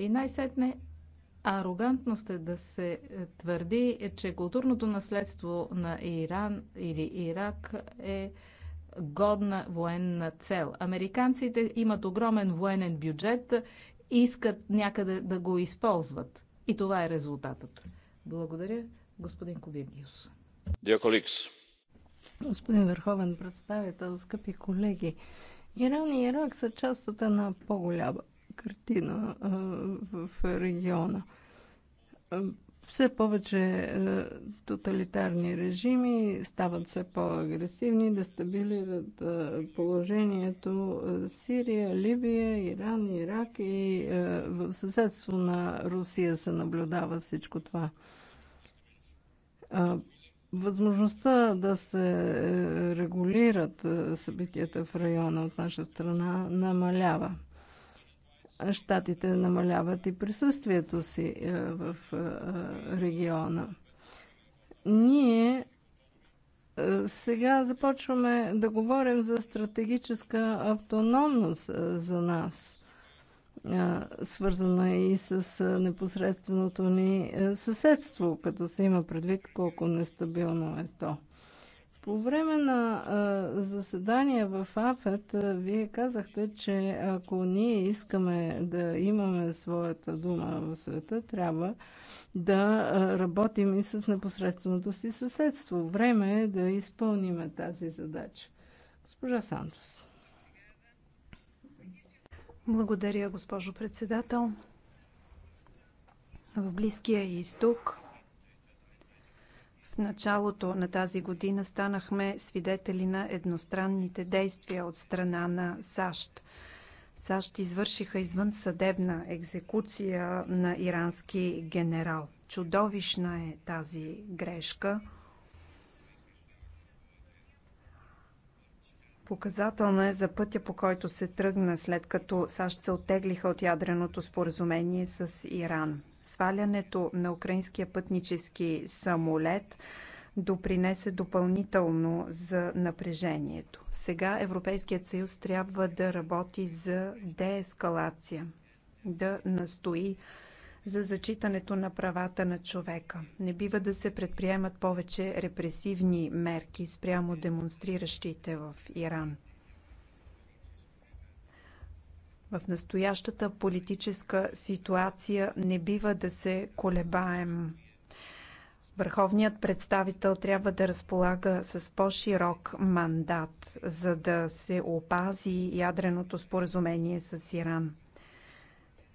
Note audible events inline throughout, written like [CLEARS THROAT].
И най-сетне арогантност е да се е, твърди, е, че културното наследство на Иран или Ирак е годна военна цел. Американците имат огромен военен бюджет, и искат някъде да го използват. И това е резултатът. Благодаря, господин Кобибиус. Диаколикс. Господин Върховен представител, скъпи колеги, Иран и Ирак са част от една по-голяма картина в региона. Все повече е, тоталитарни режими стават все по-агресивни, дестабилират положението е, Сирия, Либия, Иран, Ирак и е, в съседство на Русия се наблюдава всичко това възможността да се регулират събитията в района от наша страна намалява щатите намаляват и присъствието си е, в е, региона. Ние е, сега започваме да говорим за стратегическа автономност за нас – свързана и с непосредственото ни съседство, като се има предвид колко нестабилно е то. По време на а, заседание в АФЕТ, а, вие казахте, че ако ние искаме да имаме своята дума в света, трябва да работим и с непосредственото си съседство. Време е да изпълниме тази задача. Госпожа Сантос. Благодаря, госпожо председател. В Близкия изток в началото на тази година станахме свидетели на едностранните действия от страна на САЩ. САЩ извършиха извънсъдебна екзекуция на ирански генерал. Чудовищна е тази грешка. Показателна е за пътя, по който се тръгна, след като САЩ се оттеглиха от ядреното споразумение с Иран свалянето на украинския пътнически самолет допринесе допълнително за напрежението. Сега Европейският съюз трябва да работи за деескалация, да настои за зачитането на правата на човека. Не бива да се предприемат повече репресивни мерки спрямо демонстриращите в Иран. В настоящата политическа ситуация не бива да се колебаем. Върховният представител трябва да разполага с по-широк мандат, за да се опази ядреното споразумение с Иран.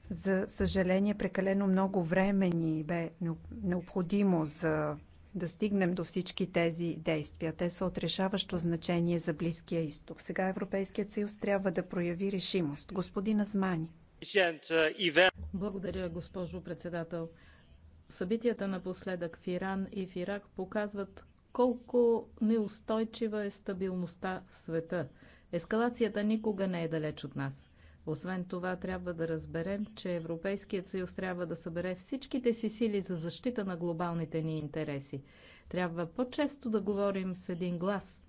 За съжаление, прекалено много време ни бе необходимо за да стигнем до всички тези действия. Те са от решаващо значение за Близкия изток. Сега Европейският съюз трябва да прояви решимост. Господин Азмани. Благодаря, госпожо председател. Събитията напоследък в Иран и в Ирак показват колко неустойчива е стабилността в света. Ескалацията никога не е далеч от нас. Освен това, трябва да разберем, че Европейският съюз трябва да събере всичките си сили за защита на глобалните ни интереси. Трябва по-често да говорим с един глас.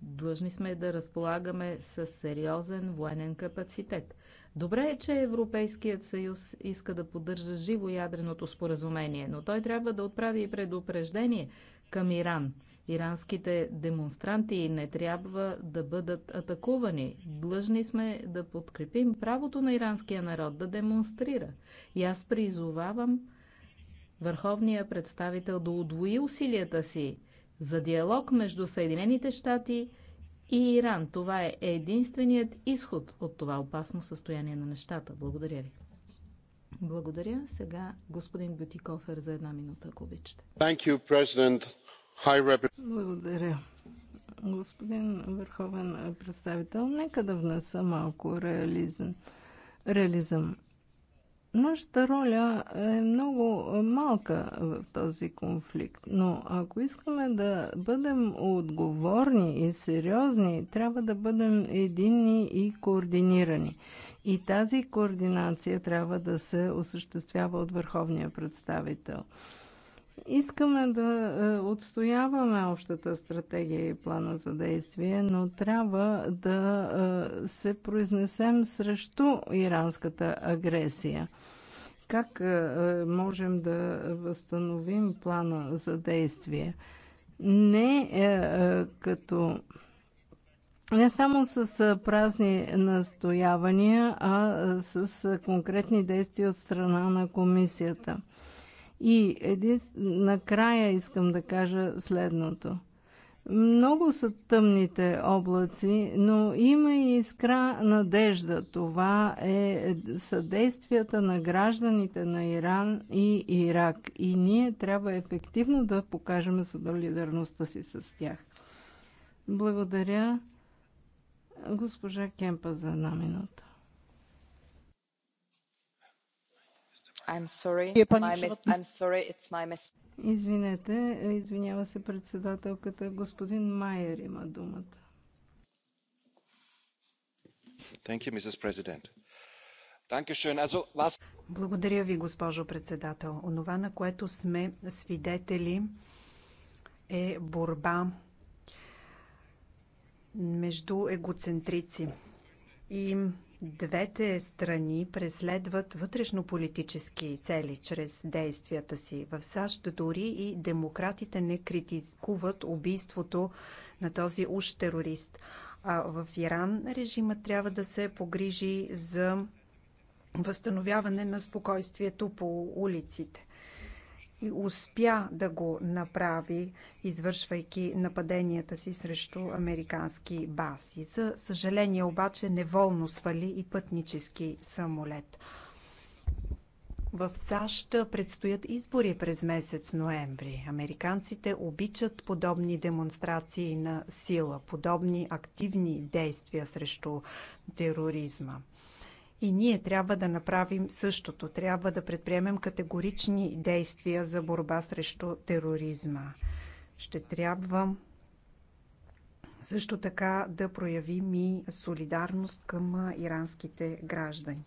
Длъжни сме да разполагаме с сериозен военен капацитет. Добре е, че Европейският съюз иска да поддържа живо ядреното споразумение, но той трябва да отправи и предупреждение към Иран – Иранските демонстранти не трябва да бъдат атакувани. Длъжни сме да подкрепим правото на иранския народ да демонстрира. И аз призовавам върховния представител да удвои усилията си за диалог между Съединените щати и Иран. Това е единственият изход от това опасно състояние на нещата. Благодаря ви. Благодаря. Сега господин Бютикофер за една минута, ако обичате. Благодаря. Господин върховен представител, нека да внеса малко реализъм. реализъм. Нашата роля е много малка в този конфликт, но ако искаме да бъдем отговорни и сериозни, трябва да бъдем единни и координирани. И тази координация трябва да се осъществява от върховния представител. Искаме да е, отстояваме общата стратегия и плана за действие, но трябва да е, се произнесем срещу иранската агресия. Как е, можем да възстановим плана за действие? Не като не само с празни настоявания, а с конкретни действия от страна на комисията. И един, накрая искам да кажа следното. Много са тъмните облаци, но има и искра надежда. Това е съдействията на гражданите на Иран и Ирак. И ние трябва ефективно да покажем солидарността си с тях. Благодаря госпожа Кемпа за една минута. Извинете, извинява се председателката. Господин Майер има думата. Thank you, Mrs. President. Благодаря ви, госпожо председател. Онова, на което сме свидетели, е борба между егоцентрици. И Двете страни преследват вътрешнополитически цели чрез действията си. В САЩ дори и демократите не критикуват убийството на този уж терорист. А в Иран режимът трябва да се погрижи за възстановяване на спокойствието по улиците и успя да го направи, извършвайки нападенията си срещу американски баси. За съжаление обаче неволно свали и пътнически самолет. В САЩ предстоят избори през месец ноември. Американците обичат подобни демонстрации на сила, подобни активни действия срещу тероризма. И ние трябва да направим същото. Трябва да предприемем категорични действия за борба срещу тероризма. Ще трябва също така да проявим и солидарност към иранските граждани.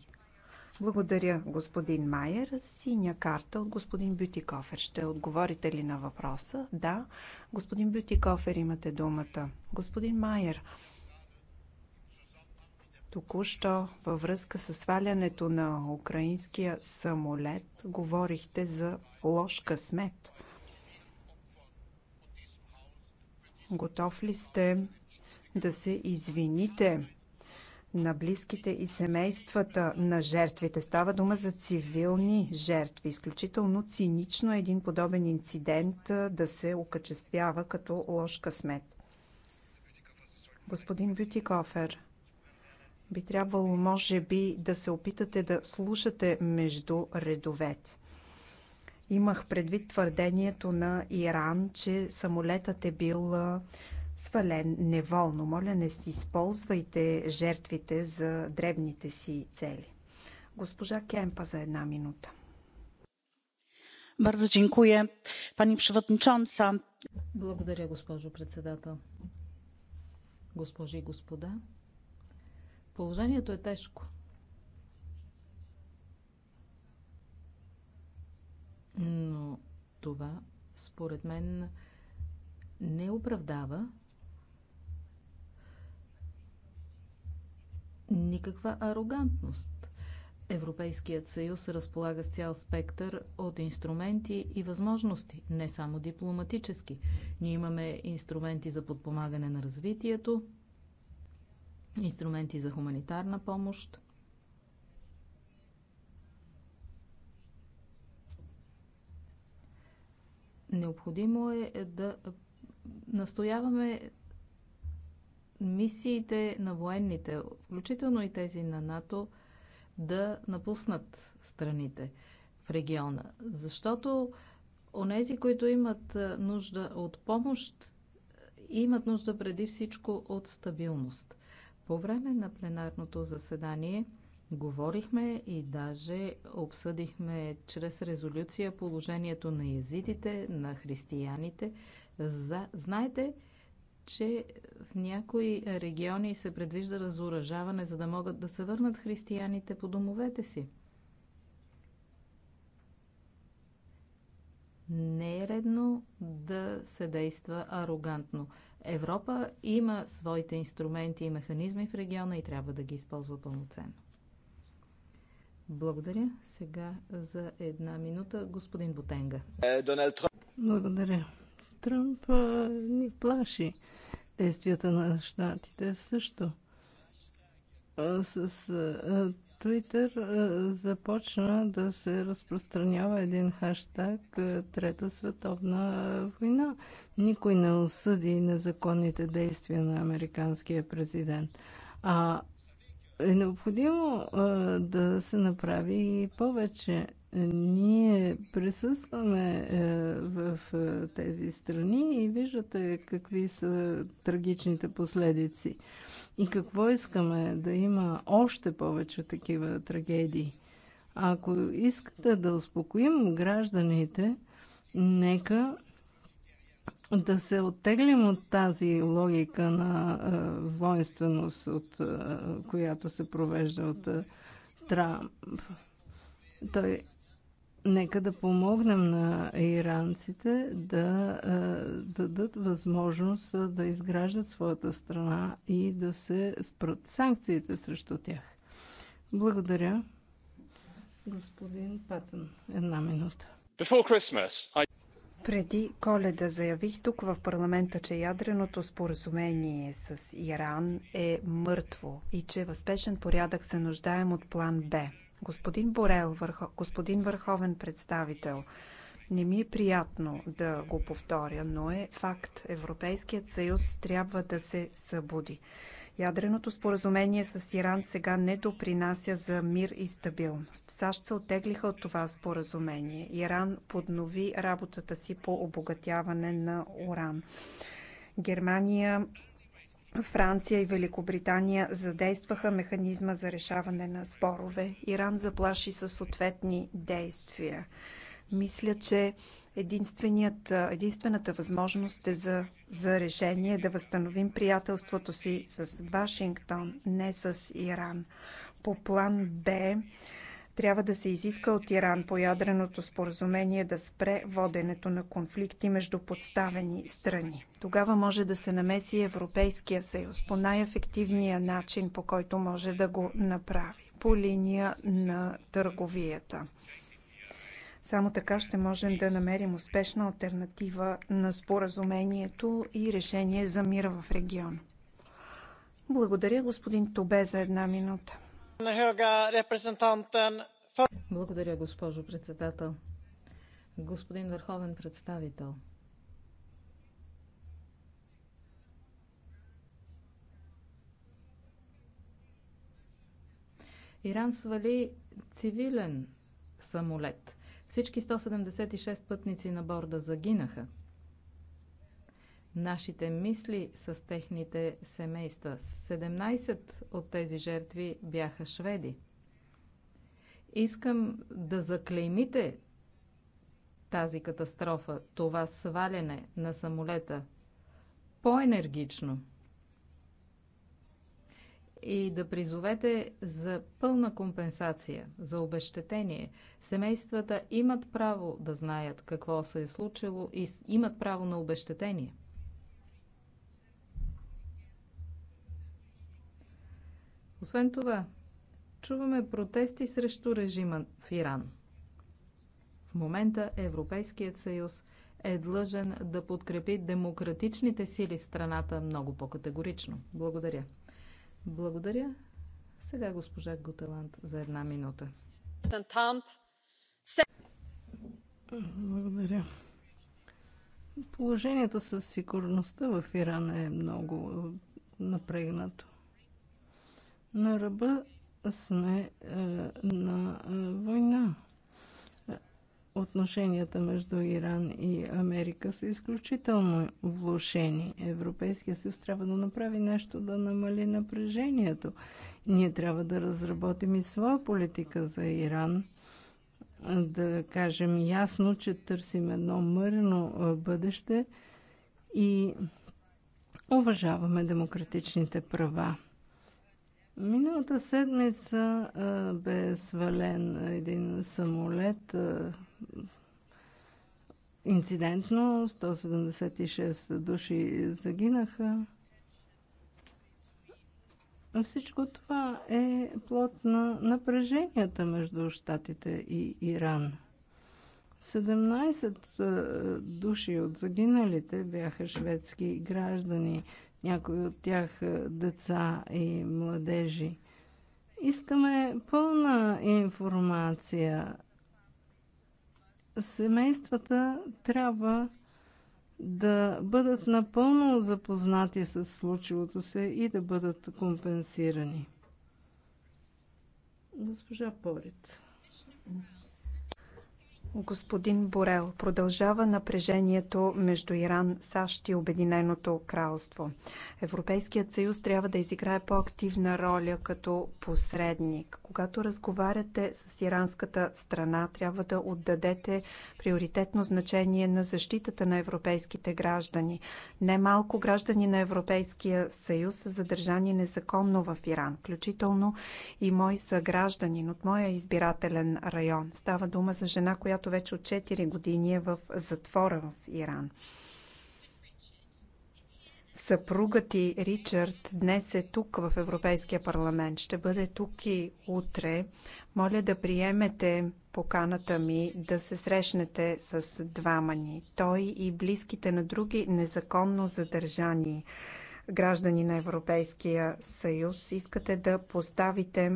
Благодаря, господин Майер. Синя карта от господин Бютикофер. Ще отговорите ли на въпроса? Да. Господин Бютикофер, имате думата. Господин Майер, Току-що във връзка с свалянето на украинския самолет говорихте за лош късмет. Готов ли сте да се извините на близките и семействата на жертвите? Става дума за цивилни жертви. Изключително цинично е един подобен инцидент да се окачествява като лош късмет. Господин Бютикофер, би трябвало, може би, да се опитате да слушате между редовете. Имах предвид твърдението на Иран, че самолетът е бил свален неволно. Моля, не си използвайте жертвите за дребните си цели. Госпожа Кемпа за една минута. Бързо dziękuję, пани Благодаря, госпожо председател. Госпожи и господа, Положението е тежко. Но това, според мен, не оправдава никаква арогантност. Европейският съюз разполага с цял спектър от инструменти и възможности, не само дипломатически. Ние имаме инструменти за подпомагане на развитието, инструменти за хуманитарна помощ. Необходимо е да настояваме мисиите на военните, включително и тези на НАТО, да напуснат страните в региона. Защото онези, които имат нужда от помощ, имат нужда преди всичко от стабилност. По време на пленарното заседание говорихме и даже обсъдихме чрез резолюция положението на езидите, на християните. За... Знаете, че в някои региони се предвижда разоръжаване, за да могат да се върнат християните по домовете си. Не е редно да се действа арогантно. Европа има своите инструменти и механизми в региона и трябва да ги използва пълноценно. Благодаря. Сега за една минута господин Ботенга. Е, Благодаря. Тръмп ни плаши действията на щатите също. С Twitter започна да се разпространява един хаштаг Трета световна война. Никой не осъди незаконните действия на американския президент. А е необходимо да се направи и повече. Ние присъстваме е, в тези страни и виждате какви са трагичните последици. И какво искаме? Да има още повече такива трагедии. Ако искате да успокоим гражданите, нека да се оттеглим от тази логика на а, воинственост, от, а, която се провежда от а, Трамп. Той Нека да помогнем на иранците да е, дадат възможност е, да изграждат своята страна и да се спрат санкциите срещу тях. Благодаря. Господин Патън, една минута. Преди коледа заявих тук в парламента, че ядреното споразумение с Иран е мъртво и че възпешен порядък се нуждаем от план Б. Господин Борел, върхо, господин върховен представител, не ми е приятно да го повторя, но е факт. Европейският съюз трябва да се събуди. Ядреното споразумение с Иран сега не допринася за мир и стабилност. САЩ се оттеглиха от това споразумение. Иран поднови работата си по обогатяване на уран. Германия Франция и Великобритания задействаха механизма за решаване на спорове. Иран заплаши със съответни действия. Мисля, че единствената възможност е за, за решение да възстановим приятелството си с Вашингтон, не с Иран. По план Б трябва да се изиска от Иран по ядреното споразумение да спре воденето на конфликти между подставени страни. Тогава може да се намеси Европейския съюз по най-ефективния начин, по който може да го направи по линия на търговията. Само така ще можем да намерим успешна альтернатива на споразумението и решение за мира в региона. Благодаря господин Тобе за една минута. Благодаря, госпожо председател. Господин върховен представител. Иран свали цивилен самолет. Всички 176 пътници на борда загинаха нашите мисли с техните семейства. 17 от тези жертви бяха шведи. Искам да заклеймите тази катастрофа, това сваляне на самолета по-енергично и да призовете за пълна компенсация, за обещетение. Семействата имат право да знаят какво се е случило и имат право на обещетение. Освен това, чуваме протести срещу режима в Иран. В момента Европейският съюз е длъжен да подкрепи демократичните сили в страната много по-категорично. Благодаря. Благодаря. Сега госпожа Гутеланд за една минута. Благодаря. Положението със сигурността в Иран е много напрегнато. На ръба сме е, на е, война. Отношенията между Иран и Америка са изключително влушени. Европейския съюз трябва да направи нещо да намали напрежението. Ние трябва да разработим и своя политика за Иран да кажем ясно, че търсим едно мърно е, бъдеще и уважаваме демократичните права. Миналата седмица а, бе свален един самолет а, инцидентно. 176 души загинаха. Всичко това е плод на напреженията между Штатите и Иран. 17 души от загиналите бяха шведски граждани – някои от тях е, деца и младежи. Искаме пълна информация. Семействата трябва да бъдат напълно запознати с случилото се и да бъдат компенсирани. Госпожа Порит. Господин Борел, продължава напрежението между Иран, САЩ и Обединеното кралство. Европейският съюз трябва да изиграе по-активна роля като посредник. Когато разговаряте с иранската страна, трябва да отдадете приоритетно значение на защитата на европейските граждани. Немалко граждани на Европейския съюз са задържани незаконно в Иран, включително и мои съграждани от моя избирателен район. Става дума за жена, която която вече от 4 години е в затвора в Иран. Съпругът ти Ричард днес е тук в Европейския парламент. Ще бъде тук и утре. Моля да приемете поканата ми да се срещнете с двама ни. Той и близките на други незаконно задържани граждани на Европейския съюз. Искате да поставите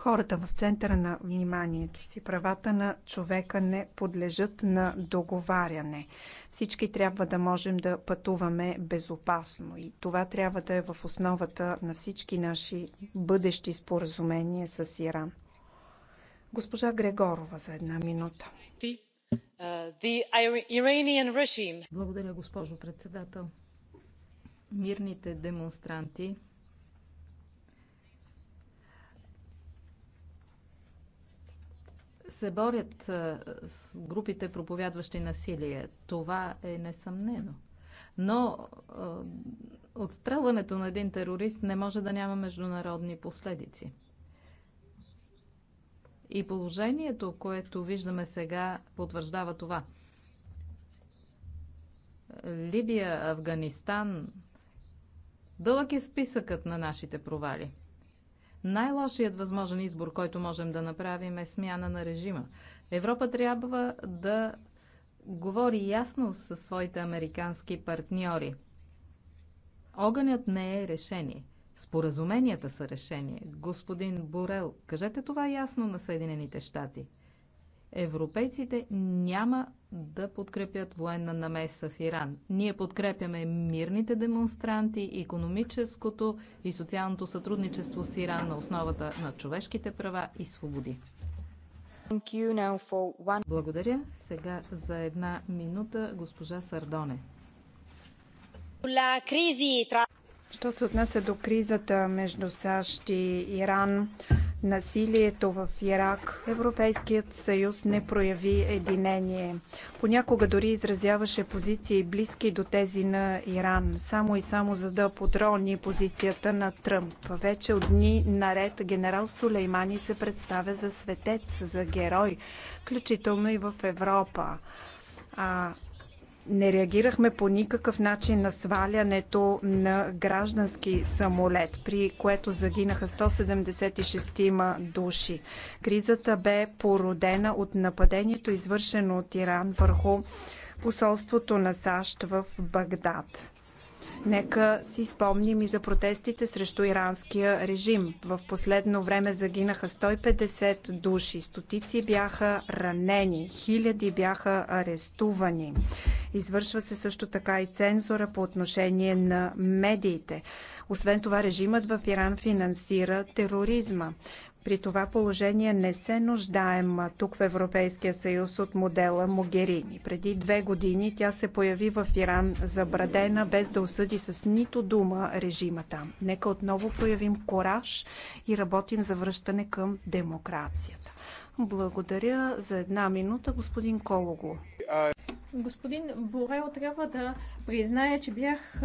хората в центъра на вниманието си. Правата на човека не подлежат на договаряне. Всички трябва да можем да пътуваме безопасно и това трябва да е в основата на всички наши бъдещи споразумения с Иран. Госпожа Грегорова за една минута. Благодаря, госпожо председател. Мирните демонстранти се борят с групите, проповядващи насилие. Това е несъмнено. Но отстрелването на един терорист не може да няма международни последици. И положението, което виждаме сега, потвърждава това. Либия, Афганистан. Дълъг е списъкът на нашите провали – най-лошият възможен избор, който можем да направим е смяна на режима. Европа трябва да говори ясно със своите американски партньори. Огънят не е решение. Споразуменията са решение. Господин Борел, кажете това ясно на Съединените щати европейците няма да подкрепят военна намеса в Иран. Ние подкрепяме мирните демонстранти, економическото и социалното сътрудничество с Иран на основата на човешките права и свободи. Благодаря. Сега за една минута госпожа Сардоне. Що се отнася до кризата между САЩ и Иран, насилието в Ирак, Европейският съюз не прояви единение. Понякога дори изразяваше позиции близки до тези на Иран, само и само за да подрони позицията на Тръмп. Вече от дни наред генерал Сулеймани се представя за светец, за герой, включително и в Европа. А не реагирахме по никакъв начин на свалянето на граждански самолет, при което загинаха 176 души. Кризата бе породена от нападението, извършено от Иран върху посолството на САЩ в Багдад. Нека си спомним и за протестите срещу иранския режим. В последно време загинаха 150 души, стотици бяха ранени, хиляди бяха арестувани. Извършва се също така и цензура по отношение на медиите. Освен това, режимът в Иран финансира тероризма. При това положение не се нуждаем тук в Европейския съюз от модела Могерини. Преди две години тя се появи в Иран забрадена, без да осъди с нито дума режима там. Нека отново проявим кораж и работим за връщане към демокрацията. Благодаря за една минута, господин Кологу. Господин Борел, трябва да призная, че бях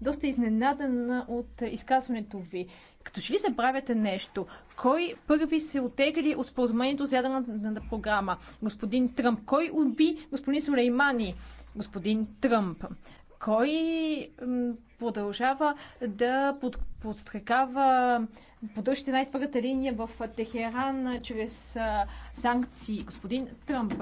доста изненадан от изказването ви като че ли забравяте нещо? Кой първи се отегли от споразумението за ядрената програма? Господин Тръмп. Кой уби господин Сулеймани? Господин Тръмп. Кой продължава да под, подстрекава поддържате най-твърдата линия в Техеран чрез а, санкции, господин Тръмп.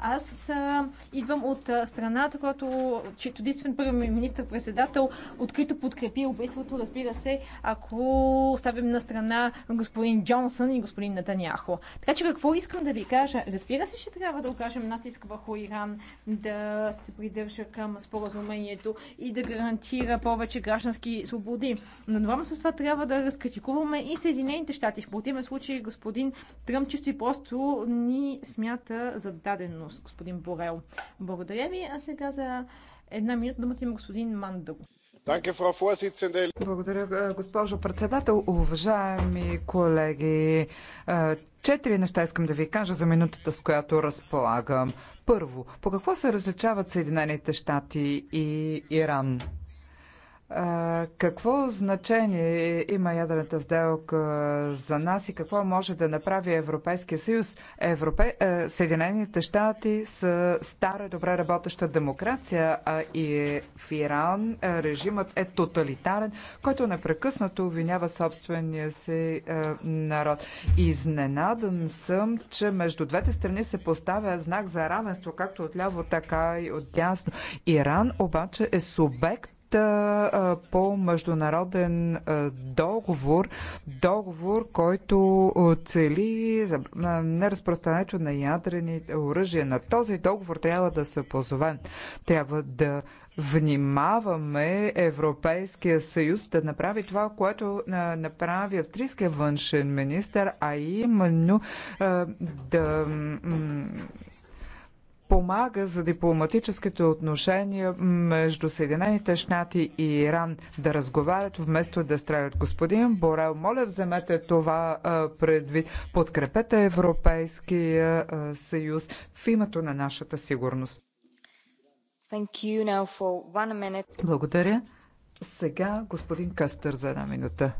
Аз а, идвам от а, страната, която, чето единствен първи министр-председател открито подкрепи убийството, разбира се, ако оставим на страна господин Джонсън и господин Натаняхо. Така че какво искам да ви кажа? Разбира се, ще трябва да окажем натиск върху Иран да се придържа към споразумението и да гарантира повече повече граждански свободи. Но главно с това трябва да разкритикуваме и Съединените щати. В противен случай господин Тръмп чисто и просто ни смята за даденост, господин Борел. Благодаря ви, а сега за една минута думата има господин Мандъл. Благодаря, госпожо председател. Уважаеми колеги, четири неща искам да ви кажа за минутата, с която разполагам. Първо, по какво се различават Съединените щати и Иран? какво значение има ядрената сделка за нас и какво може да направи Европейския съюз? Европе... Съединените щати са стара, добре работеща демокрация, а и в Иран режимът е тоталитарен, който непрекъснато обвинява собствения си народ. Изненадан съм, че между двете страни се поставя знак за равенство, както отляво, така и от дясно. Иран обаче е субект по международен договор, договор, който цели неразпространението на ядрени оръжия. На този договор трябва да се позовем. Трябва да внимаваме Европейския съюз да направи това, което направи австрийския външен министр, а именно да помага за дипломатическите отношения между Съединените щати и Иран да разговарят вместо да стрелят. Господин Борел, моля вземете това предвид. Подкрепете Европейския съюз в името на нашата сигурност. Благодаря. Сега господин Къстър за една минута.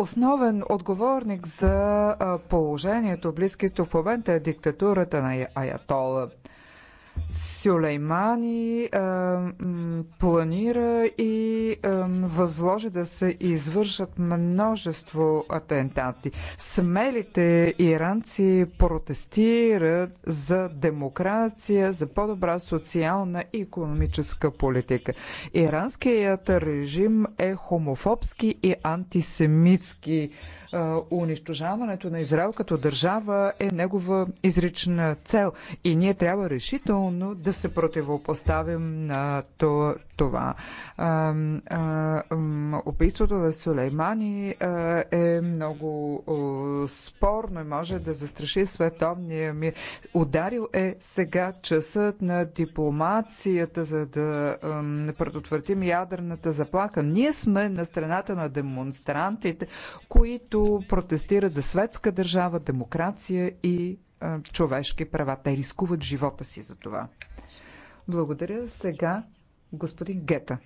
Основен отговорник за положението Близки изток в момента е диктатурата на Аятола. Сюлеймани а, планира и а, възложи да се извършат множество атентати. Смелите иранци протестират за демокрация, за по-добра социална и економическа политика. Иранският режим е хомофобски и антисемитски унищожаването на Израел като държава е негова изрична цел и ние трябва решително да се противопоставим на това. Убийството на Сулеймани е много спорно и може да застраши световния мир. Ударил е сега часът на дипломацията, за да предотвратим ядрената заплаха. Ние сме на страната на демонстрантите, които които протестират за светска държава, демокрация и а, човешки права. Те рискуват живота си за това. Благодаря. Сега господин Гета.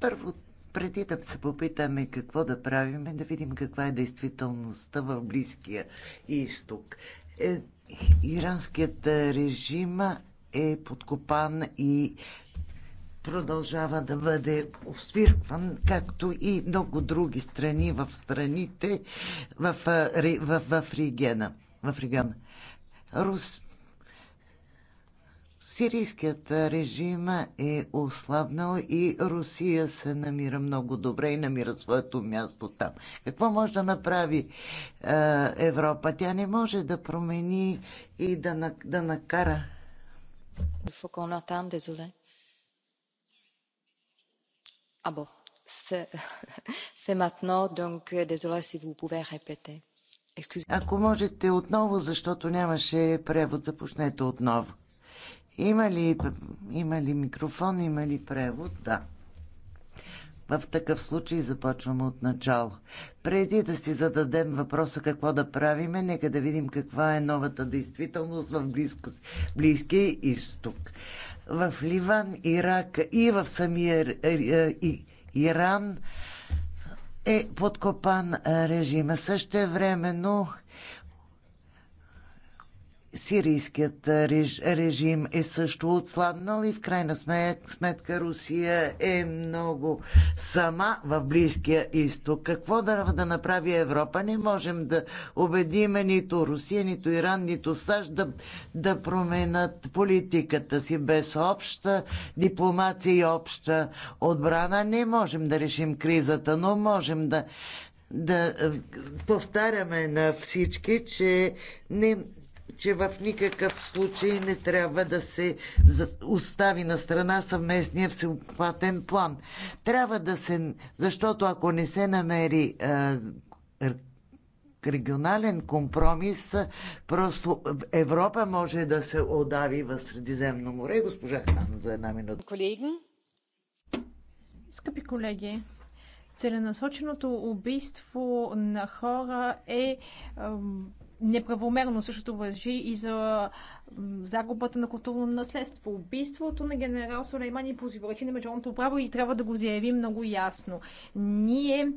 Първо, преди да се попитаме какво да правим, да видим каква е действителността в Близкия изток. Е, иранският режим е подкопан и продължава да бъде освиркван, както и много други страни в страните в, в, в, в региона. В региона. Рус... Сирийският режим е ослабнал и Русия се намира много добре и намира своето място там. Какво може да направи е, Европа? Тя не може да промени и да, да накара. Il faut qu'on désolé. Ah bon, [LAUGHS] c'est maintenant, donc euh, désolé si vous pouvez répéter. Ако можете отново, защото нямаше превод, започнете отново. Има ли, има ли микрофон, има ли превод? Да. В такъв случай започваме от начало. Преди да си зададем въпроса какво да правиме, нека да видим каква е новата действителност в близко, Близкия изток в Ливан, Ирак и в самия е, е, Иран е подкопан режима. Също времено Сирийският режим е също отслабнал и в крайна сметка Русия е много сама в Близкия изток. Какво да, да направи Европа? Не можем да убедиме нито Русия, нито Иран, нито САЩ да, да променят политиката си без обща дипломация и обща отбрана. Не можем да решим кризата, но можем да да повтаряме на всички, че не, че в никакъв случай не трябва да се остави на страна съвместния всеобхватен план. Трябва да се. Защото ако не се намери регионален компромис, просто Европа може да се отдави в Средиземно море. Госпожа Хан, за една минута. Колеги, скъпи колеги, целенасоченото убийство на хора е неправомерно. Същото въжи и за загубата на културно наследство. Убийството на генерал Сулеймани противоречи на международното право и трябва да го заявим много ясно. Ние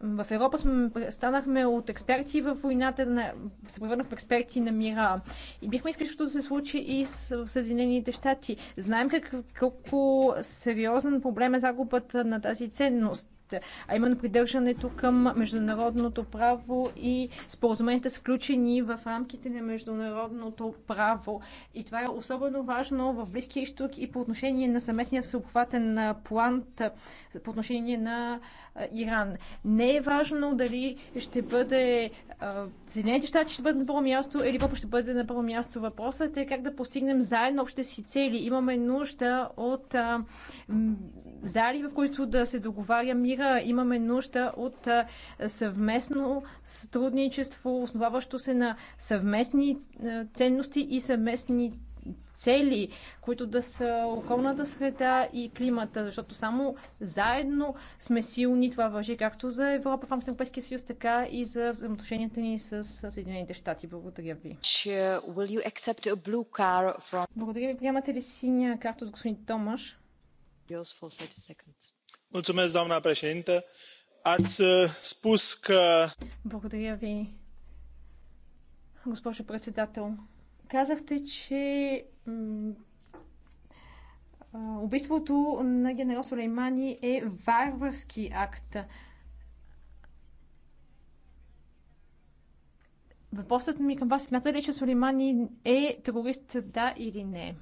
в Европа сме, станахме от експерти в войната, на, се превърнахме в експерти на мира. И бихме искали, защото да се случи и с в Съединените щати. Знаем как, колко сериозен проблем е загубата на тази ценност а именно придържането към международното право и споразуменията сключени в рамките на международното право. И това е особено важно в Близкия изток и по отношение на съместния всеобхватен план по отношение на Иран. Не е важно дали ще бъде Съединените щати ще бъдат на първо място или Европа ще бъде на първо място. Въпросът е как да постигнем заедно общите си цели. Имаме нужда от а, зали, в които да се договаря мир гарантира, имаме нужда от съвместно сътрудничество, основаващо се на съвместни ценности и съвместни цели, които да са околната среда и климата, защото само заедно сме силни. Това въжи както за Европа в рамките на Европейския съюз, така и за взаимоотношенията ни с Съединените щати. Благодаря ви. From... Благодаря ви. Приемате ли синя карта от господин Томаш? for 30 seconds doamnă președintă ați uh, spus că. Благодаря ви, госпожо председател. Казахте, че убийството на генерал Сулеймани е варварски акт. Въпросът ми към вас, смята ли, че Сулеймани е терорист, да или не?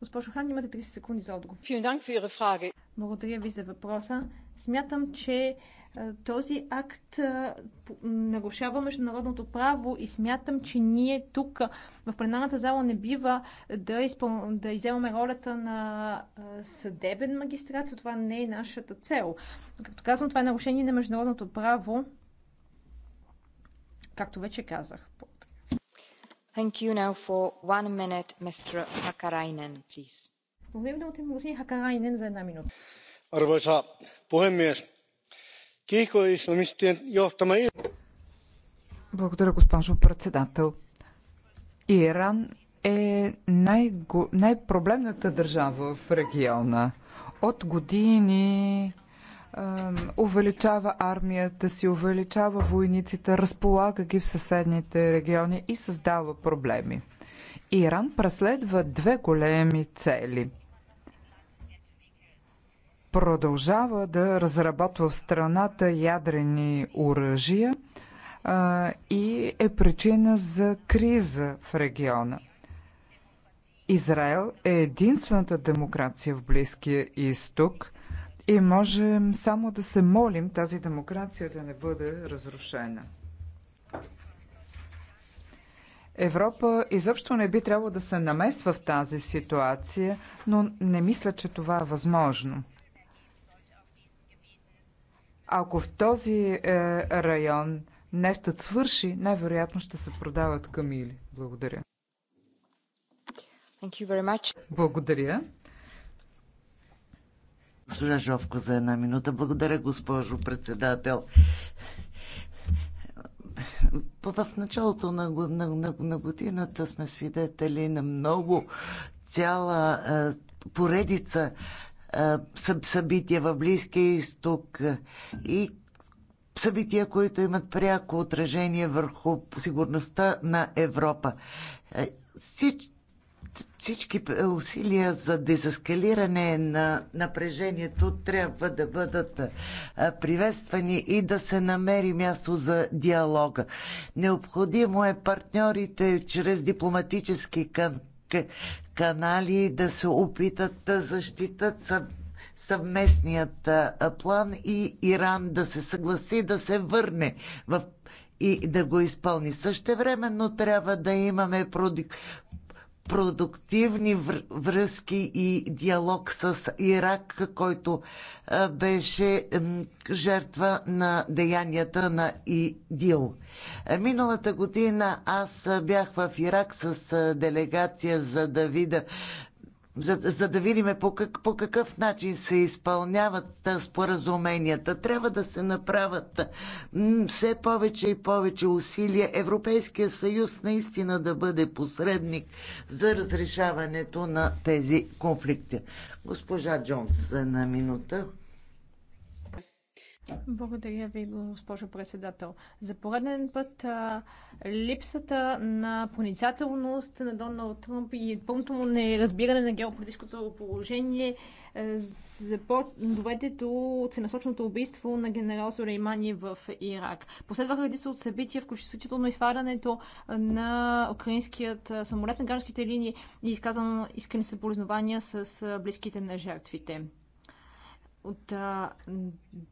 Госпожо Хан, имате 30 секунди за отговор. Благодаря ви за въпроса. Смятам, че този акт нарушава международното право и смятам, че ние тук в пленарната зала не бива да, изпъл... да изземаме ролята на съдебен магистрат. Това не е нашата цел. Както казвам, това е нарушение на международното право, както вече казах. Thank you now for one minute, Mr. please. Arvoisa puhemies. Kiihkoislamistien johtama... Благодаря, госпожо председател. Иран е най- най-проблемната държава в региона. От години увеличава армията си, увеличава войниците, разполага ги в съседните региони и създава проблеми. Иран преследва две големи цели – продължава да разработва в страната ядрени оръжия и е причина за криза в региона. Израел е единствената демокрация в Близкия изток и можем само да се молим тази демокрация да не бъде разрушена. Европа изобщо не би трябвало да се намесва в тази ситуация, но не мисля, че това е възможно. Ако в този е, район нефтът свърши, най-вероятно ще се продават камили. Благодаря. Thank you very much. Благодаря. Госпожа Жовко за една минута. Благодаря, госпожо председател. В началото на, на, на, на годината сме свидетели на много цяла е, поредица събития в Близкия изток и събития, които имат пряко отражение върху сигурността на Европа. Всич, всички усилия за дезаскалиране на напрежението трябва да бъдат приветствани и да се намери място за диалога. Необходимо е партньорите чрез дипломатически канали да се опитат да защитат съвместният план и Иран да се съгласи да се върне в и да го изпълни. времено трябва да имаме продуктивни връзки и диалог с Ирак, който беше жертва на деянията на ИДИЛ. Миналата година аз бях в Ирак с делегация, за да видя за, за да видим по, как, по какъв начин се изпълняват споразуменията. Трябва да се направят все повече и повече усилия Европейския съюз наистина да бъде посредник за разрешаването на тези конфликти. Госпожа Джонс, една минута. Благодаря ви, госпожо председател. За пореден път а, липсата на проницателност на Доналд Тръмп и пълното му неразбиране на геополитическото положение доведе до целенасоченото убийство на генерал Сулеймани в Ирак. Последваха ли се от събития, включително изварянето на украинският самолет на гражданските линии и изказано искрени съболезнования с близките на жертвите от а,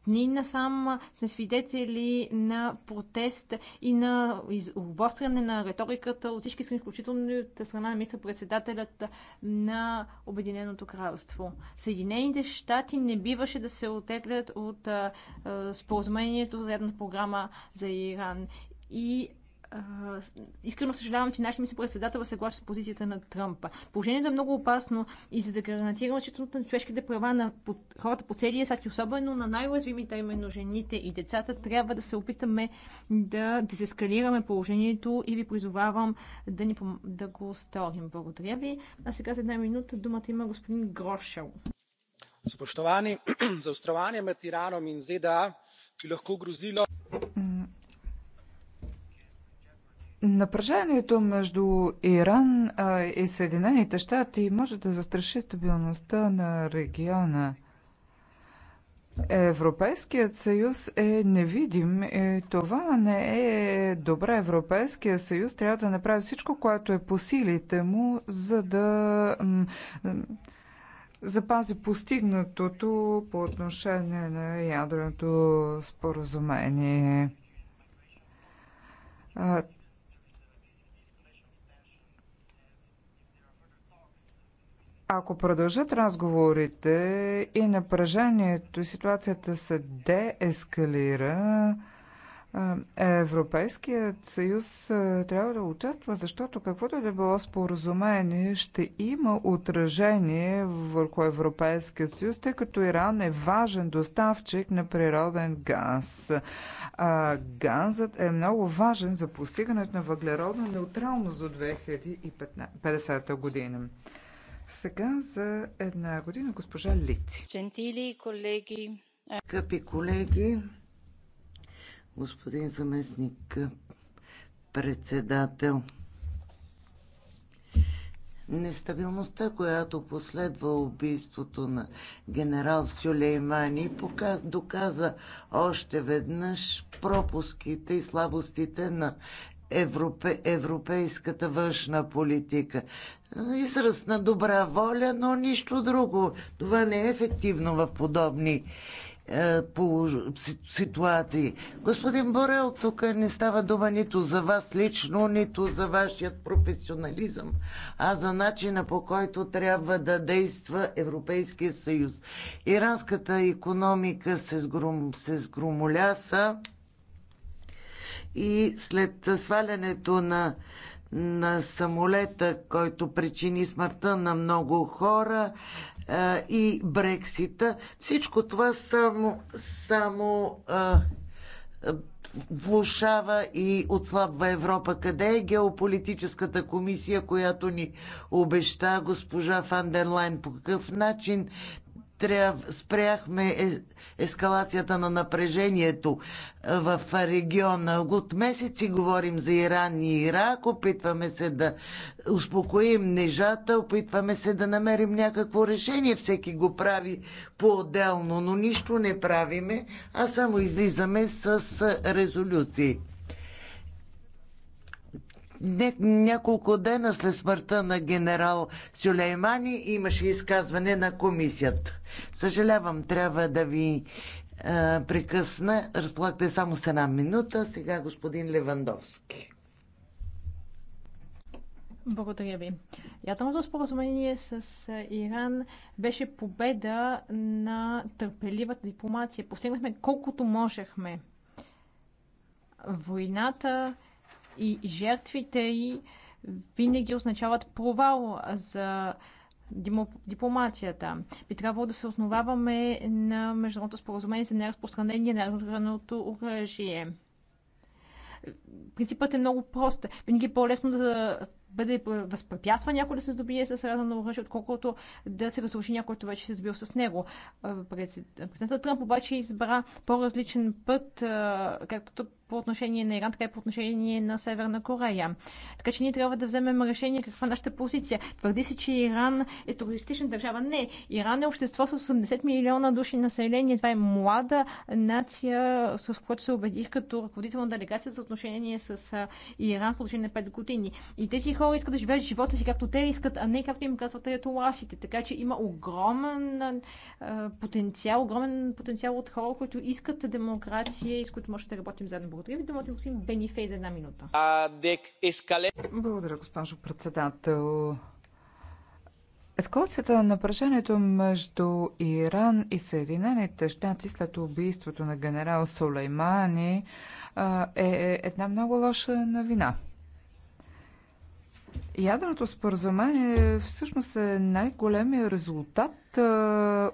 дни насам сме свидетели на протест и на обостряне на риториката от всички страни, включително и от страна на мистер председателят на Обединеното кралство. Съединените щати не биваше да се отеглят от а, а, споразумението за една програма за Иран. И искрено съжалявам, че нашия мисля председател е съгласен с позицията на Тръмп. Положението е много опасно и за да гарантираме четвъртата на човешките права на под, хората по целия свят, особено на най-уязвимите, именно жените и децата, трябва да се опитаме да дезескалираме положението и ви призовавам да, ни, да го сторим. Благодаря ви. А сега за една минута думата има господин Грошел. Spoštovani, [CLEARS THROAT] zaostrovanje med Iranom in ZDA bi lahko grozilo. Напрежението между Иран и Съединените щати може да застраши стабилността на региона. Европейският съюз е невидим и това не е добре. Европейският съюз трябва да направи всичко, което е по силите му, за да запази постигнатото по отношение на ядреното споразумение Ако продължат разговорите и напрежението, и ситуацията се деескалира, Европейският съюз трябва да участва, защото каквото и да било споразумение ще има отражение върху Европейския съюз, тъй като Иран е важен доставчик на природен газ. А, газът е много важен за постигането на въглеродна неутралност до 2050 година. Сега за една година госпожа Лици. Чентили колеги. Скъпи колеги, господин заместник председател, Нестабилността, която последва убийството на генерал Сюлеймани, доказа още веднъж пропуските и слабостите на европе, европейската външна политика. Израз на добра воля, но нищо друго. Това не е ефективно в подобни е, ситуации. Господин Борел, тук не става дума нито за вас лично, нито за вашият професионализъм, а за начина по който трябва да действа Европейския съюз. Иранската економика се, сгрум, се сгромоляса и след свалянето на, на самолета, който причини смъртта на много хора а, и Брексита, всичко това само, само а, влушава и отслабва Европа. Къде е геополитическата комисия, която ни обеща госпожа Фандерлайн? По какъв начин спряхме е, ескалацията на напрежението в региона. От месеци говорим за Иран и Ирак, опитваме се да успокоим нежата, опитваме се да намерим някакво решение. Всеки го прави по-отделно, но нищо не правиме, а само излизаме с резолюции няколко дена след смъртта на генерал Сюлеймани имаше изказване на комисията. Съжалявам, трябва да ви а, е, прекъсна. Разполагате само с една минута. Сега господин Левандовски. Благодаря ви. Ядреното споразумение с е, Иран беше победа на търпеливата дипломация. Постигнахме колкото можехме. Войната и жертвите й винаги означават провал за дипломацията. Би трябвало да се основаваме на Международното споразумение за неразпространение на ядреното оръжие. Принципът е много прост. Винаги е по-лесно да бъде възпрепятства някой да се здобие с на оръжие, отколкото да се разруши някой, който вече се е здобил с него. Президентът Тръмп обаче избра по-различен път, както по отношение на Иран, така и по отношение на Северна Корея. Така че ние трябва да вземем решение каква е нашата позиция. Твърди се, че Иран е туристична държава. Не. Иран е общество с 80 милиона души население. Това е млада нация, с която се убедих като ръководител на делегация за отношение с Иран в продължение на 5 години. И тези хора искат да живеят живота си както те искат, а не както им казват етоласите. Така че има огромен потенциал, огромен потенциал от хора, които искат демокрация и с които може да работим заедно. Благодаря ви. Думата е господин Бенифей за една минута. Благодаря, госпожо председател. Ескалацията на напрежението между Иран и Съединените щати след убийството на генерал Сулеймани е една много лоша новина. Ядреното споразумение всъщност е най-големия резултат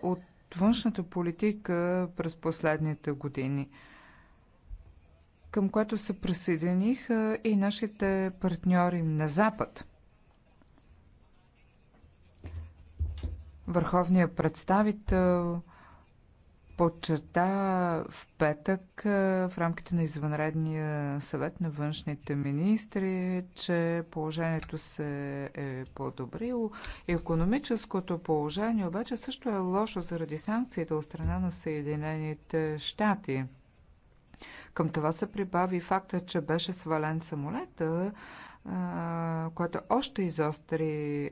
от външната политика през последните години – към което се присъединиха и нашите партньори на Запад. Върховният представител подчерта в петък в рамките на извънредния съвет на външните министри, че положението се е подобрило. Економическото положение обаче също е лошо заради санкциите от страна на Съединените щати – към това се прибави факта, че беше свален самолета, което още изостри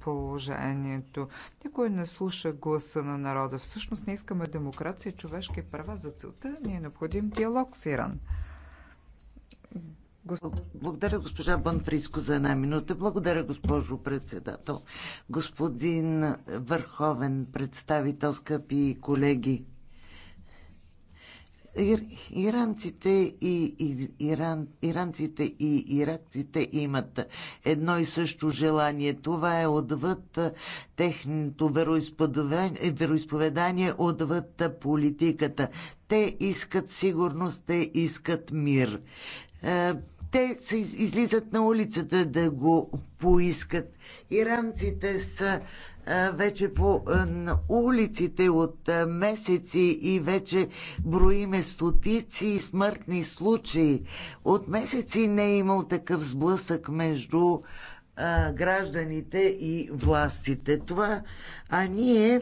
положението. Никой не слуша гласа на народа. Всъщност не искаме демокрация и човешки права. За целта ни е необходим диалог с Иран. Благодаря, госпожа Банфриско, за една минута. Благодаря, госпожо председател. Господин върховен представител, скъпи колеги. Ир, иранците и, и, иран, иранците и иракците имат едно и също желание. Това е отвъд техното вероисповедание, е, вероисповедание отвъд политиката. Те искат сигурност, те искат мир. Те се излизат на улицата да го поискат. Иранците са вече по улиците от месеци и вече броиме стотици смъртни случаи. От месеци не е имал такъв сблъсък между гражданите и властите. Това, а ние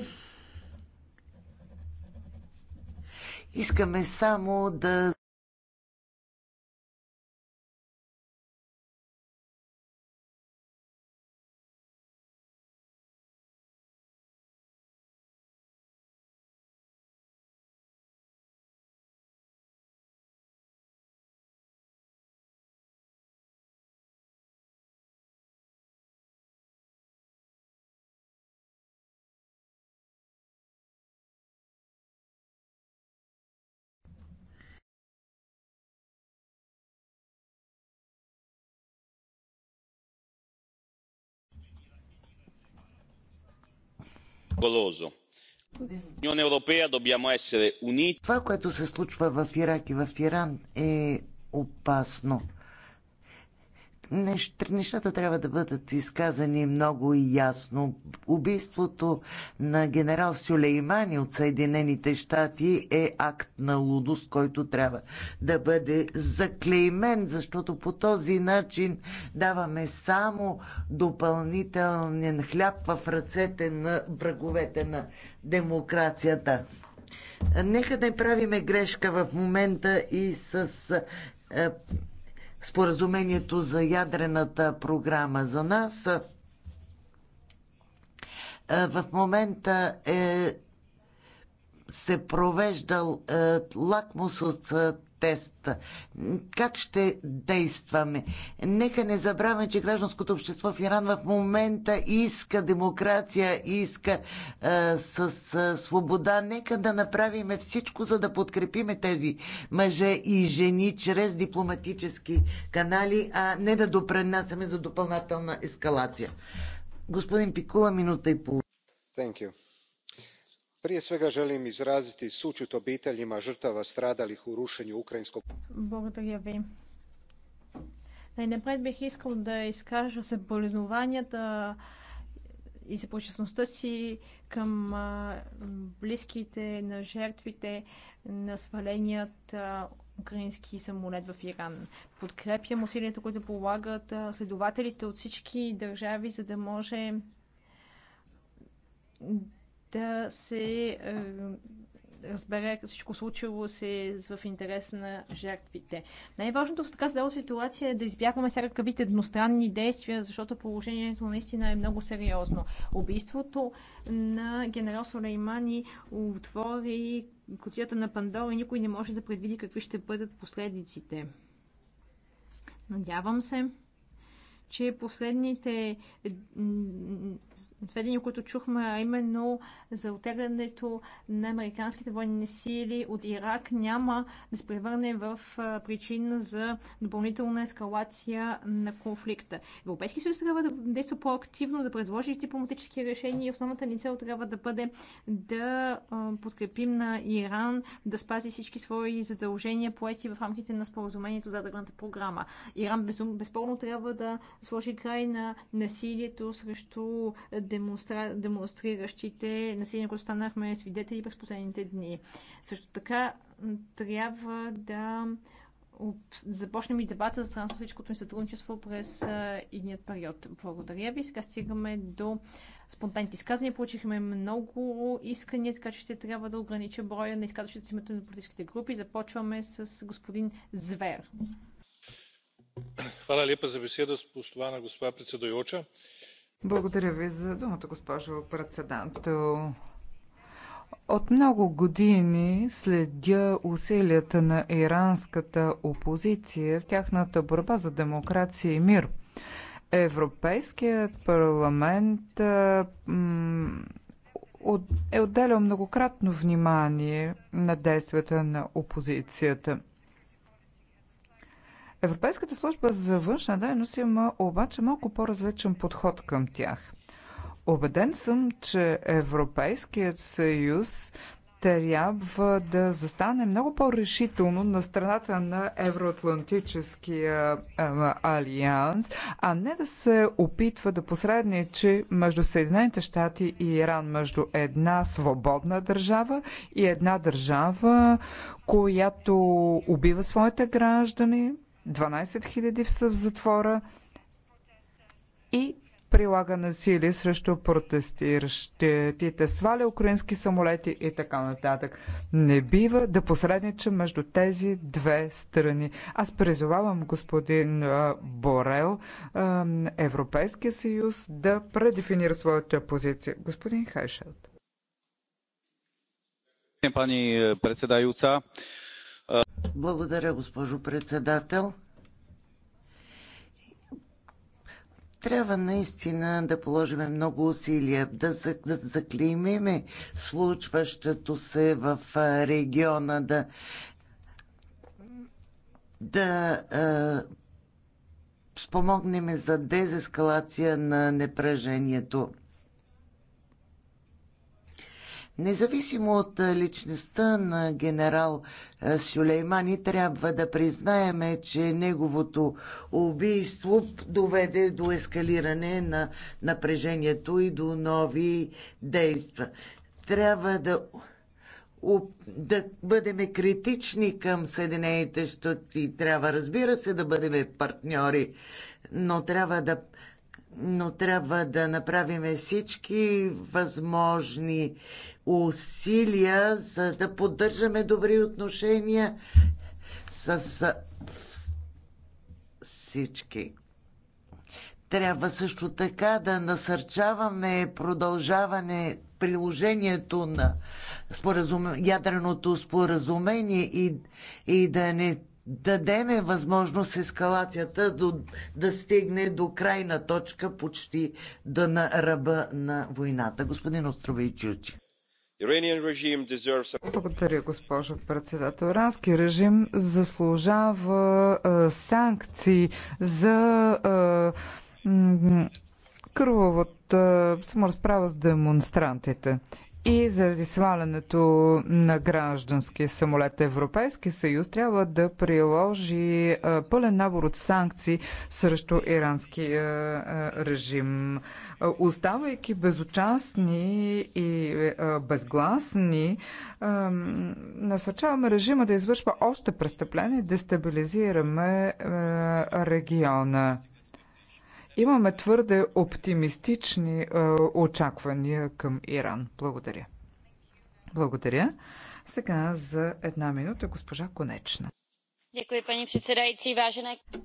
искаме само да Това, което се случва в Ирак и в Иран е опасно нещата трябва да бъдат изказани много и ясно. Убийството на генерал Сюлеймани от Съединените щати е акт на лудост, който трябва да бъде заклеймен, защото по този начин даваме само допълнителен хляб в ръцете на враговете на демокрацията. Нека не правиме грешка в момента и с е, споразумението за ядрената програма за нас. В момента е се провеждал е, лакмусът протест. Как ще действаме? Нека не забравяме, че гражданското общество в Иран в момента иска демокрация, иска а, е, с, а, е, свобода. Нека да направим всичко, за да подкрепиме тези мъже и жени чрез дипломатически канали, а не да допренасяме за допълнителна ескалация. Господин Пикула, минута и половина prije svega želim izraziti sućut obiteljima žrtava stradalih u rušenju ukrajinskog. Благодаря ви. Най-напред бих искал да изкажа съболезнованията и съпочестността си към близките на жертвите на сваленият украински самолет в Иран. Подкрепям усилията, които полагат следователите от всички държави, за да може да се е, разбере всичко случило се е в интерес на жертвите. Най-важното в така задала ситуация е да избягваме всякакъв вид едностранни действия, защото положението наистина е много сериозно. Убийството на генерал Сулеймани отвори котията на Пандора и никой не може да предвиди какви ще бъдат последиците. Надявам се, че последните сведения, които чухме, а именно за отеглянето на американските военни сили от Ирак, няма да се превърне в причина за допълнителна ескалация на конфликта. Европейски съюз трябва да действа по-активно, да предложи дипломатически решения и основната ни цел трябва да бъде да подкрепим на Иран да спази всички свои задължения, поети в рамките на споразумението за ядрената програма. Иран безспорно трябва да сложи край на насилието срещу е, демонстра... демонстриращите, насилие, което станахме свидетели през последните дни. Също така трябва да започнем и дебата за трансатлантическото ни сътрудничество през идният е, период. Благодаря ви. Сега стигаме до спонтанните изказвания. Получихме много искания, така че ще трябва да огранича броя на изказващите си името на политическите групи. Започваме с господин Звер. Благодаря ви за думата, госпожо председател. От много години следя усилията на иранската опозиция в тяхната борба за демокрация и мир. Европейският парламент е отделял многократно внимание на действията на опозицията. Европейската служба за външна дейност има обаче малко по-различен подход към тях. Обеден съм, че Европейският съюз трябва да застане много по-решително на страната на Евроатлантическия алианс, а не да се опитва да посредничи между Съединените щати и Иран, между една свободна държава и една държава, която убива своите граждани, 12 000 са в затвора и прилага насилие срещу протестиращите, сваля украински самолети и така нататък. Не бива да посреднича между тези две страни. Аз призовавам господин Борел, Европейския съюз, да предефинира своята позиция. Господин Хайшелт. Пани председаюца, благодаря, госпожо председател. трябва наистина да положим много усилия да, заклеймиме случващото се в региона, да, да е, спомогнем за дезескалация на напрежението. Независимо от личността на генерал Сюлеймани, трябва да признаеме, че неговото убийство доведе до ескалиране на напрежението и до нови действа. Трябва да да бъдем критични към Съединените щати. Трябва, разбира се, да бъдем партньори, но трябва да, но трябва да направим всички възможни усилия, за да поддържаме добри отношения с всички. Трябва също така да насърчаваме продължаване приложението на споразум... ядреното споразумение и, и да не дадеме възможност ескалацията до, да стигне до крайна точка почти до на ръба на войната. Господин Островичучи. Благодаря, госпожо председател. Ирански режим заслужава санкции за е, кървавата саморазправа с демонстрантите и заради свалянето на гражданския самолет Европейски съюз трябва да приложи пълен набор от санкции срещу иранския режим. Оставайки безучастни и безгласни, насърчаваме режима да извършва още престъпления и дестабилизираме региона имаме твърде оптимистични е, очаквания към Иран. Благодаря. Благодаря. Сега за една минута госпожа Конечна.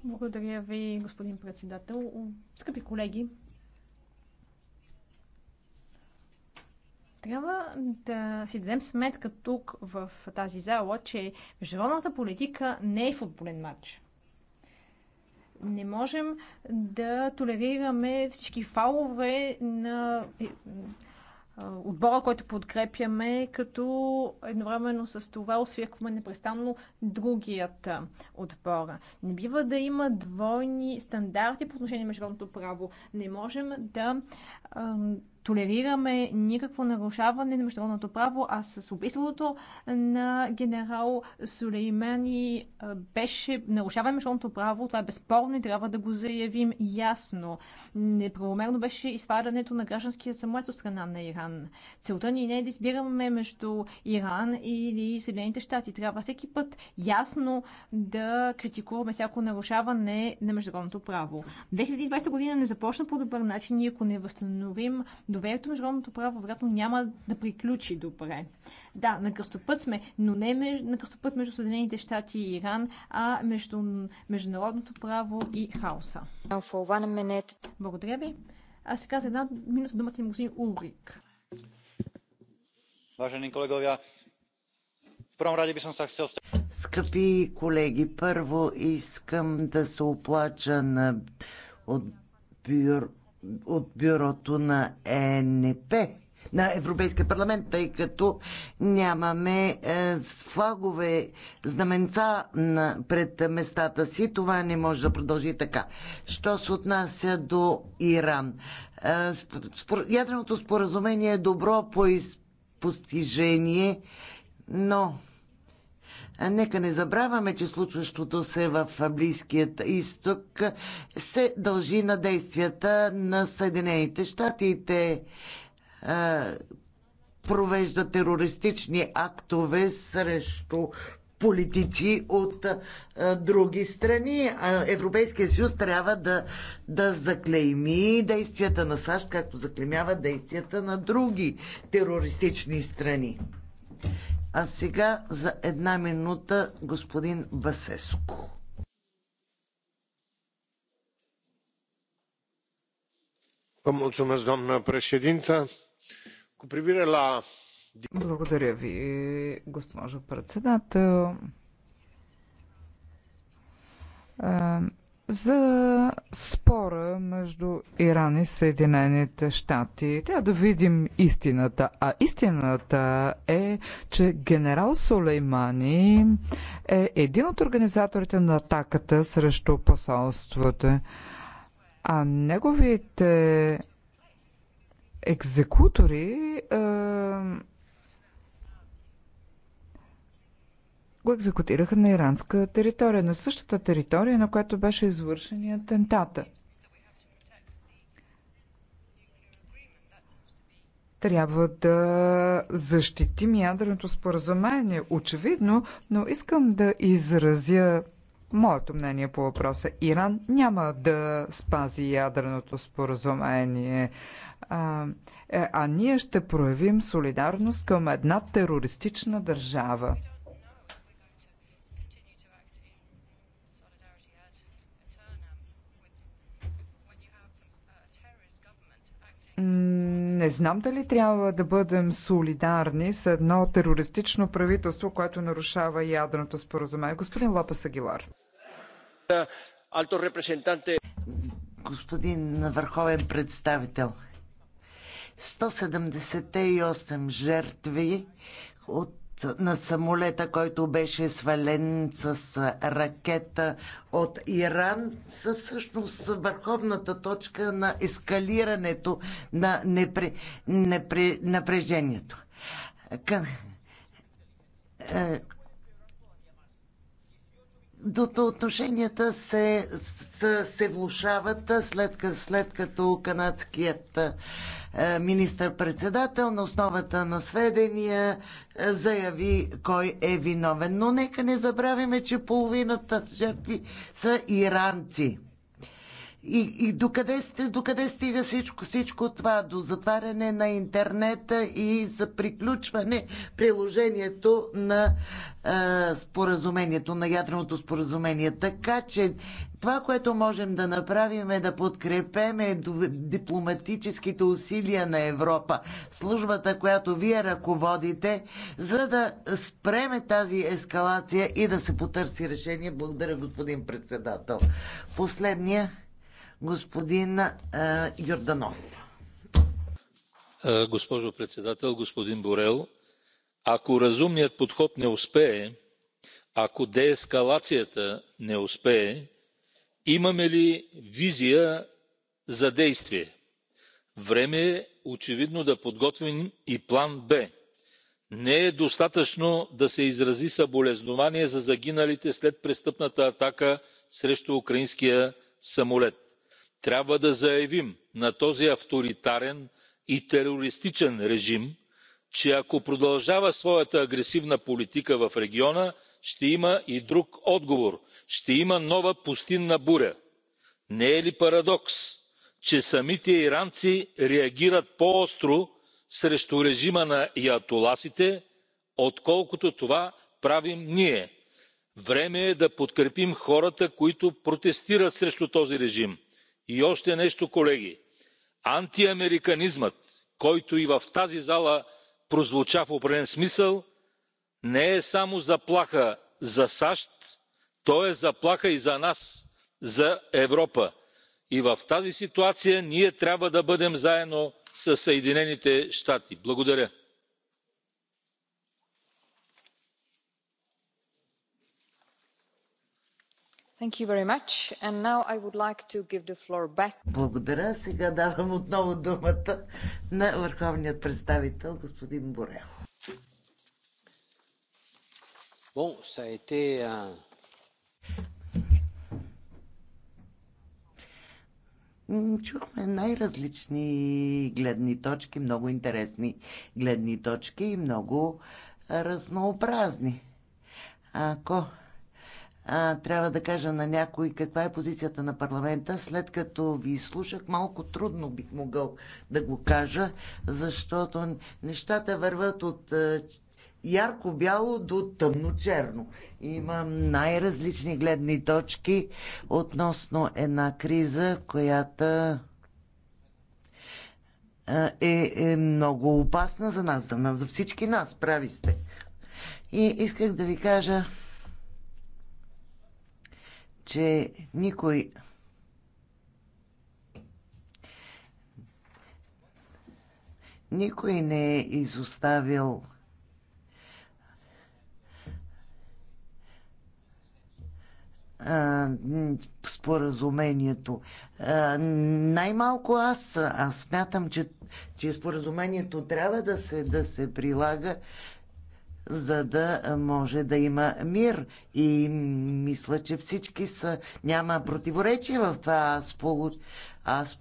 Благодаря ви, господин председател. Скъпи колеги, трябва да си дадем сметка тук в тази зала, че международната политика не е футболен матч. Не можем да толерираме всички фалове на е, отбора, който подкрепяме, като едновременно с това освиркваме непрестанно другият отбора. Не бива да има двойни стандарти по отношение на международното право. Не можем да толерираме никакво нарушаване на международното право, а с убийството на генерал Сулеймани беше нарушаване на международното право. Това е безспорно и трябва да го заявим ясно. Неправомерно беше извадането на гражданския самолет от страна на Иран. Целта ни не е да избираме между Иран или Съединените щати. Трябва всеки път ясно да критикуваме всяко нарушаване на международното право. 2020 година не започна по добър начин и ако не възстановим до доверието международното право вероятно няма да приключи добре. Да, на кръстопът сме, но не на кръстопът между Съединените щати и Иран, а между международното право и хаоса. Благодаря ви. А сега за една минута думата има господин Улрик. Vážení в първо ради би съм се chcel... Скъпи колеги, първо искам да се оплача на от бюро от бюрото на ЕНП, на Европейския парламент, тъй като нямаме е, флагове, знаменца на, пред местата си. Това не може да продължи така. Що се отнася до Иран? Е, спор, ядреното споразумение е добро по из, постижение, но Нека не забравяме, че случващото се в Близкият изток се дължи на действията на Съединените щати. Те провежда терористични актове срещу политици от а, други страни. А, Европейския съюз трябва да, да заклейми действията на САЩ, както заклемява действията на други терористични страни. А сега за една минута господин Басеско. Благодаря ви, госпожо председател. Е, за спора между Иран и Съединените щати. Трябва да видим истината. А истината е, че генерал Сулеймани е един от организаторите на атаката срещу посолството. А неговите екзекутори е го екзекутираха на иранска територия, на същата територия, на която беше извършен атентата. трябва да защитим ядреното споразумение. Очевидно, но искам да изразя моето мнение по въпроса. Иран няма да спази ядреното споразумение. А, е, а ние ще проявим солидарност към една терористична държава. Не знам дали трябва да бъдем солидарни с едно терористично правителство, което нарушава ядреното споразумение. Господин Лопес Агилар. Господин върховен представител, 178 жертви от на самолета, който беше свален с ракета от Иран, са всъщност върховната точка на ескалирането на непре, непре, напрежението. Към, е, дото отношенията се, се, се влушават след, след като канадският министър-председател на основата на сведения заяви кой е виновен. Но нека не забравяме, че половината жертви са иранци. И, и докъде, сте, докъде стига всичко, всичко това? До затваряне на интернета и за приключване приложението на а, споразумението, на ядреното споразумение. Така че това, което можем да направим е да подкрепеме дипломатическите усилия на Европа, службата, която вие ръководите, за да спреме тази ескалация и да се потърси решение. Благодаря, господин председател. Последния господин Йорданов. Госпожо председател, господин Борел, ако разумният подход не успее, ако деескалацията не успее, имаме ли визия за действие? Време е очевидно да подготвим и план Б. Не е достатъчно да се изрази съболезнование за загиналите след престъпната атака срещу украинския самолет трябва да заявим на този авторитарен и терористичен режим че ако продължава своята агресивна политика в региона ще има и друг отговор ще има нова пустинна буря. не е ли парадокс че самите иранци реагират по остро срещу режима на аятоласите отколкото това правим ние? време е да подкрепим хората които протестират срещу този режим и още нещо колеги антиамериканизмът който и в тази зала прозвуча в определен смисъл не е само заплаха за сащ той е заплаха и за нас за европа. и в тази ситуация ние трябва да бъдем заедно със съединените щати. благодаря. Благодаря. Сега давам отново думата на върховният представител господин Борел. Bon, ça a été un... Чухме най-различни гледни точки, много интересни гледни точки и много разнообразни. Ако а, трябва да кажа на някой каква е позицията на парламента. След като ви слушах, малко трудно бих могъл да го кажа, защото нещата върват от ярко бяло до тъмно черно. Има най-различни гледни точки относно една криза, която е, е много опасна за нас, за нас, за всички нас, прави сте. И исках да ви кажа, че никой никой не е изоставил а, споразумението. най-малко аз, аз смятам, че, че споразумението трябва да се, да се прилага за да може да има мир. И мисля, че всички са. Няма противоречие в това. Аз, получ... Аз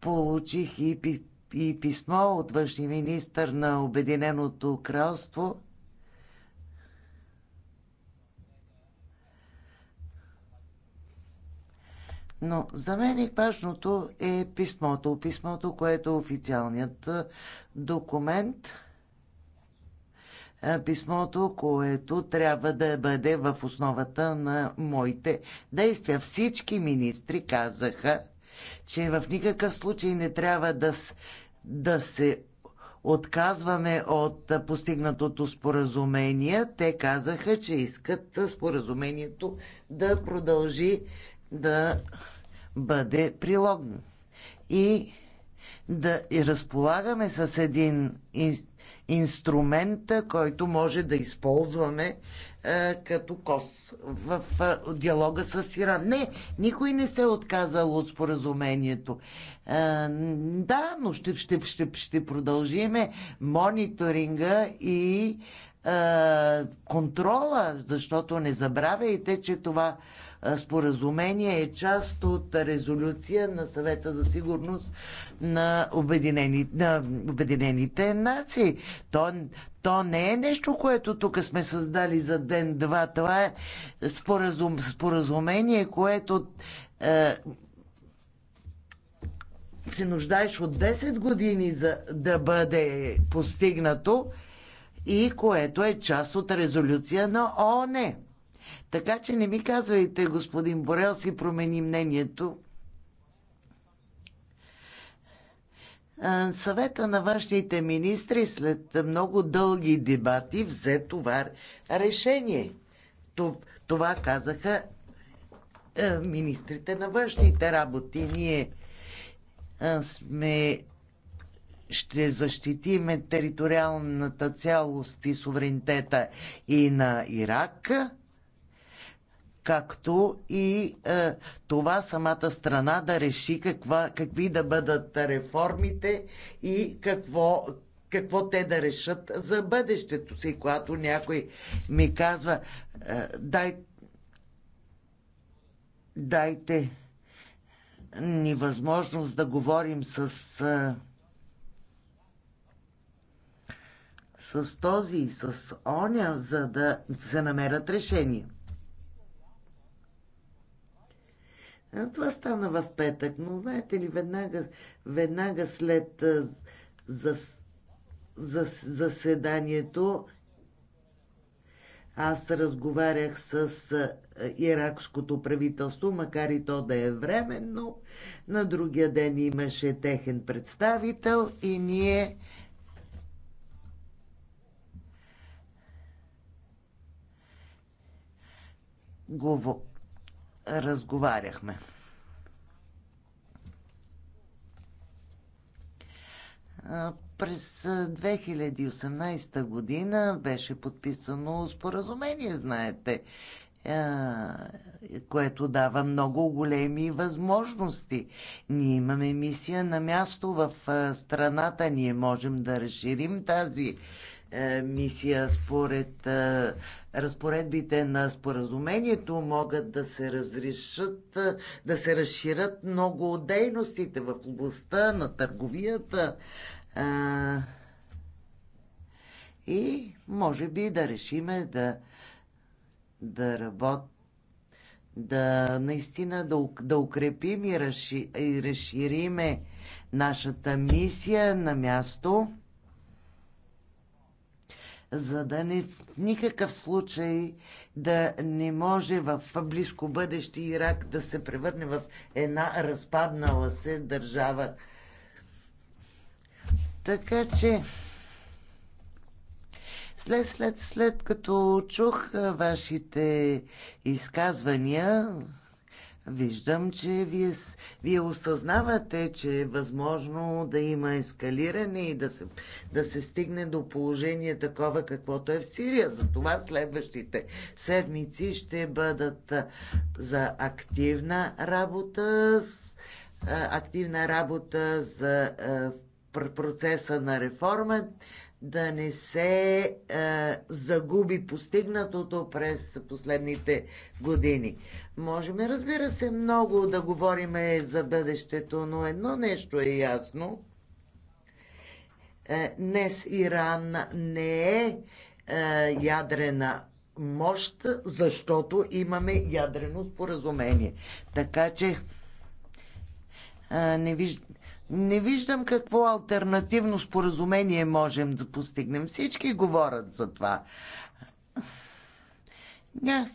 получих и, пи... и писмо от външния министр на Обединеното кралство. Но за мен е важното е писмото. Писмото, което е официалният документ – е, писмото, което трябва да бъде в основата на моите действия. Всички министри казаха, че в никакъв случай не трябва да, да се отказваме от постигнатото споразумение. Те казаха, че искат споразумението да продължи да бъде прилогно. И да и разполагаме с един инст Инструмента, който може да използваме е, като кос в е, диалога с Иран. Не, никой не се е отказал от споразумението. Е, да, но ще, ще, ще, ще продължиме мониторинга и контрола, защото не забравяйте, че това споразумение е част от резолюция на съвета за сигурност на, обединени, на Обединените нации. То, то не е нещо, което тук сме създали за ден-два. Това е споразум, споразумение, което е, се нуждаеш от 10 години за да бъде постигнато и което е част от резолюция на ООН. Така че не ми казвайте, господин Борел си промени мнението. съвета на вашите министри след много дълги дебати взе това решение. Това казаха е, министрите на външните работи. Ние сме ще защитиме териториалната цялост и суверенитета и на Ирак, както и е, това самата страна да реши каква, какви да бъдат реформите и какво, какво те да решат за бъдещето си. Когато някой ми казва, е, дай, дайте ни възможност да говорим с. Е, с този и с оня, за да се намерят решения. Това стана в петък, но знаете ли, веднага, веднага след зас, зас, заседанието аз разговарях с иракското правителство, макар и то да е временно. На другия ден имаше техен представител и ние Говор разговаряхме. През 2018 година беше подписано споразумение, знаете, което дава много големи възможности. Ние имаме мисия на място в страната, ние можем да разширим тази е, мисия според е, разпоредбите на споразумението могат да се разрешат, е, да се разширят много от дейностите в областта на търговията и може би да решиме да, да работим да наистина да, да укрепим и, разши, и разшириме нашата мисия на място за да не в никакъв случай да не може в близко бъдеще Ирак да се превърне в една разпаднала се държава. Така че след, след, след като чух вашите изказвания, Виждам, че вие, вие осъзнавате, че е възможно да има ескалиране и да се, да се стигне до положение такова, каквото е в Сирия. Затова следващите седмици ще бъдат за активна работа, активна работа за процеса на реформа, да не се е, загуби постигнатото през последните години. Можем, разбира се, много да говорим за бъдещето, но едно нещо е ясно. Е, днес Иран не е, е ядрена мощ, защото имаме ядрено споразумение. Така че а, е, не виждам не виждам какво альтернативно споразумение можем да постигнем. Всички говорят за това. Ня,